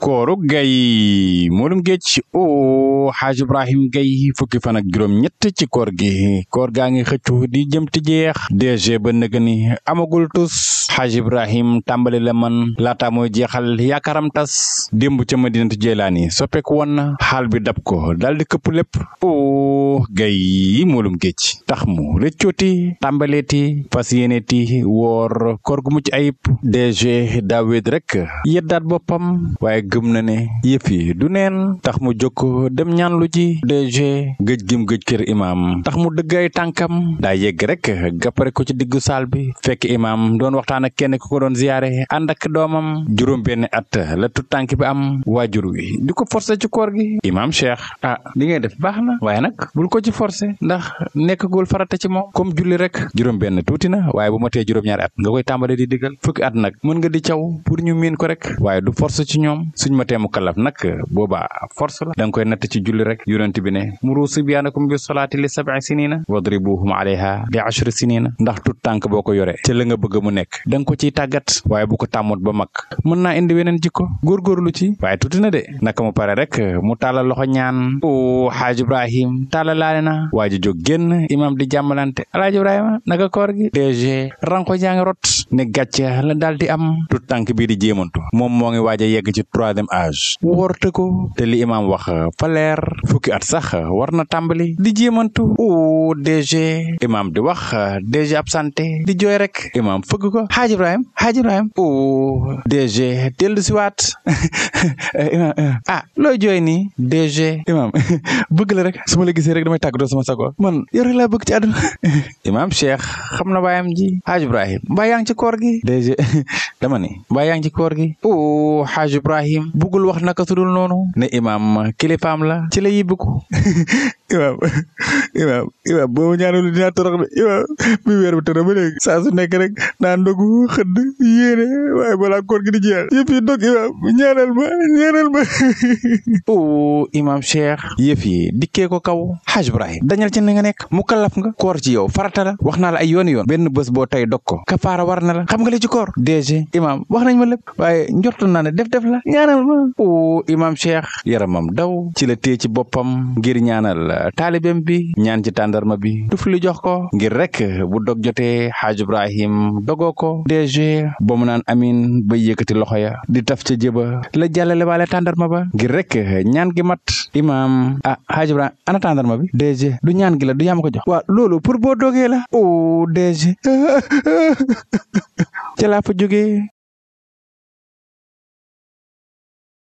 kooru gay moolum géej o xaaj ibrahim gay fukki fan ak juróom ñett ci koor gi koor gaa ngi xëccu di jëm ti jeex DG ba nëg ni amagul tus xaaj ibrahim tàmbali la man laata mooy jeexal yaakaaram tas démb dina madinatu jeelaani soppeeku woon na xaal bi dab ko daldi këpp lépp o gay moolum géej tax mu rëccooti tàmbaleeti fas yéeneeti woor koor gu mucc ayib DG daa rek yeddaat boppam waaye gëm na ne yëf yi du neen tax mu jokk dem ñaan lu ji DG gëj gim gëj kër imaam tax mu dëgg ay tànkam daa yegg rek gappare ko ci diggu saal bi fekk imaam doon waxtaan ak kenn ku ko doon ziyaare ànd doomam juróom benn at la tut tànk bi am waajur wi di ko forcé ci koor gi imaam cheikh ah di ngay def baax na waaye nag bul ko ci forcé ndax nekkagul farata ci moom comme julli rek juróom benn tuuti na waaye bu ma tee juróom-ñaari at nga koy tàmbale di diggal fukki at nag mën nga di caw pour ñu miin ko rek waaye du force ci ñoom suñ ma teemu kalaf nag booba force la da nga koy natt ci julli rek yonent bi ne muru sibyaanakum bi solaati li sab'i sinina wadribuhum alayha bi ashri sinina ndax tut tànk boo ko yore ci la nga bëgg mu nekk da nga ko ciy tàggat waaye ba mag mën naa indi weneen jikko góorgóorlu ci waaye tuuti na de naka mu pare rek mu tàllal ñaan o xaaj ibrahim tàllal laale na waa ji jóg génn imaam di jàmmalante alaaj ibrahima naka koor gi DG ranko jaa ngi rot ne gàcce la daal di am tut tànk bii di jéemantu moom moo ngi a troisième âge wóorte ko te li imaam wax fa leer fukki at sax war na tàmbali di jéemantu o oh, DG imaam di wax DG absenté di jooy rek imaam fëgg ko xaaj Ibrahim xaaj Ibrahim o oh, DG dellu si waat ah looy jooy ni DG imaam bëgg rek su ma la gisee rek damay tàggatoo sama sago man yow rek laa bëgg ci àdduna xam na baayam ji xaaj Ibrahim mbaa yaa ci koor gi DG dama ni mbaa ci koor gi oh, wu xaaj Ibrahim bugul wax naka sudul noonu ne imaam kilifaam la ci la yibbiku imaam imaam imaam boobu ñaanul dinaa torox de imaam mi weer bi tëra ba léegi saa su nekk koor gi di jeex yëf yi o imaam Cheikh yëf yi dikkee ko kaw xaaj Ibrahim dañal ci ni nga nekk mu kalaf nga koor ci yow farata la wax naa la ay yoon yoon benn bës boo tey dog ko kafaara war na xam nga li ci koor DG imaam wax nañ ma lépp waaye njort naa ne def def la ñaanal ma o imaam Cheikh yaramam daw ci la tée ci boppam ngir ñaanal taalibeem bi ñaan ci tàndarma bi tufli jox ko ngir rek bu dog jotee xaaj Ibrahim dogoo ko DG ba mu naan amin ba yëkkati loxo ya di taf ca jaba la jàllale waale tàndarma ba ngir rek ñaan gi mat imaam a ah xaaj Ibrahim ana ma bi DG du ñaan gi du yaama ko jox waaw loolu pour boo dogee la o oh DG ca laa fa